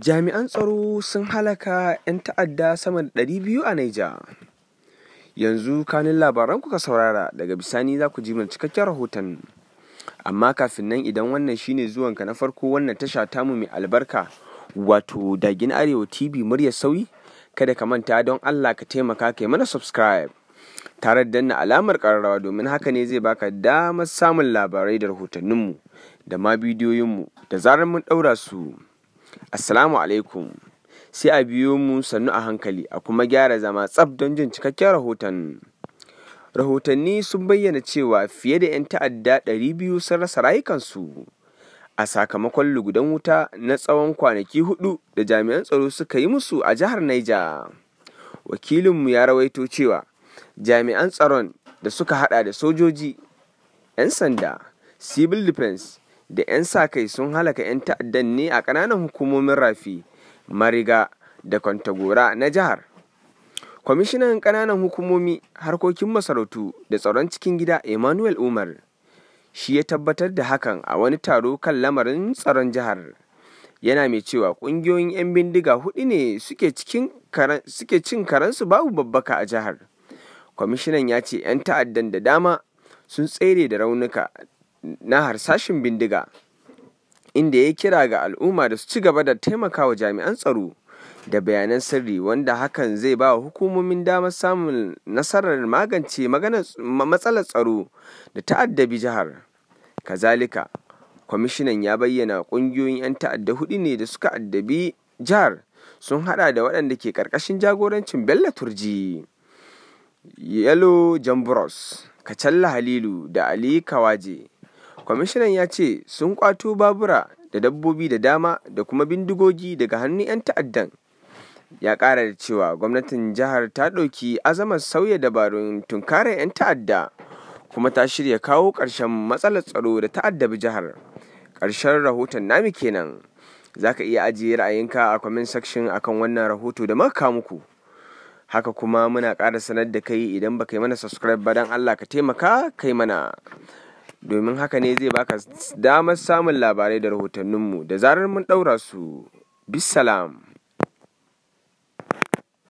jami'an tsaro sun halaka 'yan ta'adda sama da 200 a Naija. Yanzu kanin labaran kuka saurara daga bisani za ku ji mai cikakken rahoton. Amma kafin nan idan wannan shine zuwanka na farko wannan tasha tamu mai albarka wato dagin arewa TV murya sauyi kada ka manta don Allah ka taimaka kai mana subscribe tare da danna alamar kararrawa domin haka ne zai baka damar samun labarai da rahotanninmu da ma bidiyoyinmu da zarar mun ɗaura su. Assalamu alaikum. Sai a biyo mu sannu a hankali a kuma gyara zama tsab don jin cikakken rahoton. Rahotanni sun bayyana cewa fiye da 'yan ta'adda 200 sun rasa rayukansu a sakamakon lugudan wuta na tsawon kwanaki hudu da jami'an tsaro suka yi musu a jihar Niger. Wakilinmu ya rawaito cewa jami'an tsaron da suka hada da sojoji, 'yan sanda, civil defense da 'yan sa-kai sun halaka 'yan ta'addan ne a ƙananan hukumomin rafi mariga da kwantagora na jihar kwamishinan ƙananan hukumomi harkokin masarautu da tsaron cikin gida emmanuel umar shi ya tabbatar da hakan a wani taro kan lamarin tsaron jihar yana mai cewa ƙungiyoyin 'yan bindiga hudu ne suke cin karansu babu babbaka a jihar kwamishinan ya ce 'yan ta'addan da dama sun tsere da raunuka na harsashin bindiga inda ya kira ga al'umma da su ci gaba da taimakawa jami'an tsaro da bayanan sirri wanda hakan zai ba hukumomin damar samun nasarar magance matsalar tsaro da ta'addabi jihar kazalika kwamishinan ya bayyana ƙungiyoyin 'yan ta'adda hudu ne da suka addabi jihar sun hada da waɗanda ke ƙarƙashin jagorancin bello turji yalo jambros kacalla halilu da ali kawaje kwamishinan ya ce sun kwato babura da dabbobi da dama da kuma bindigogi daga hannun 'yan ta'addan ya ƙara da cewa gwamnatin jihar ta ɗauki azamar sauya dabarun tunkara 'yan ta'adda kuma ta shirya kawo ƙarshen matsalar tsaro da ta'addabi jihar ƙarshen rahoton nami kenan za ka iya ajiye ra'ayinka a comment section akan wannan rahoto da muka muku haka kuma muna ƙara sanar da kai idan baka yi mana subscribe ba don allah ka taimaka kai mana domin haka ne zai baka damar samun labarai da rahotanninmu da zarar mun ɗaura su bisalam